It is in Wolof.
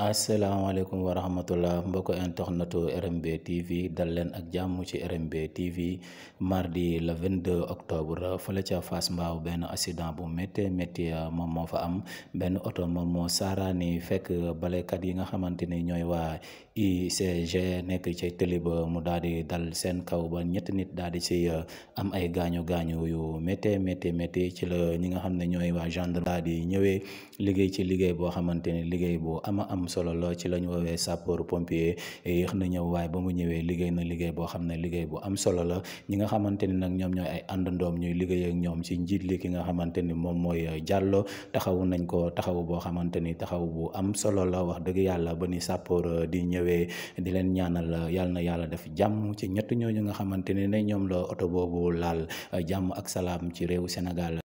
asalaamaaleykum wa rahmatullah mbokk internetu RMB TV dal leen ak jàmm ci RMB TV mardi le 22 octobre fële ca Fass Mbao benn accident bu méttee métti ah, moom moo fa am benn oto moom moo saaraani fekk balekat yi nga xamante ni ñooy waa nekk ci tëli mu daal di dal seen kaw ba ñetti nit daal di si ah, am ay gaañu gaañu yu méttee métti métti ci la ñi nga xam ne ñooy waa gendarme daal di ñëwee ci liggéey boo xamante ni liggéey bu ama am. solo lool ci lañ woowee sapeur pompier yéex na ñëw waaye ba mu ñëwee liggéey na liggéey boo xam ne liggéey bu am solo la ñi nga xamante ni nag ñoom ñooy ay àndandoom ñuy liggéey ñoom ci njiit ki nga xamante ni moom mooy jàllo euh, taxawu nañ ko taxaw boo xamante ni taxaw bu am solo la wax dëgg yàlla ba ni sapeur euh, di ñëwee di leen ñaanal euh, yàlla na yàlla def jàmm ci ñett ñooñu nga xamante ni ne ñoom la oto boobu laal jàmm ak salaam ci réew Sénégal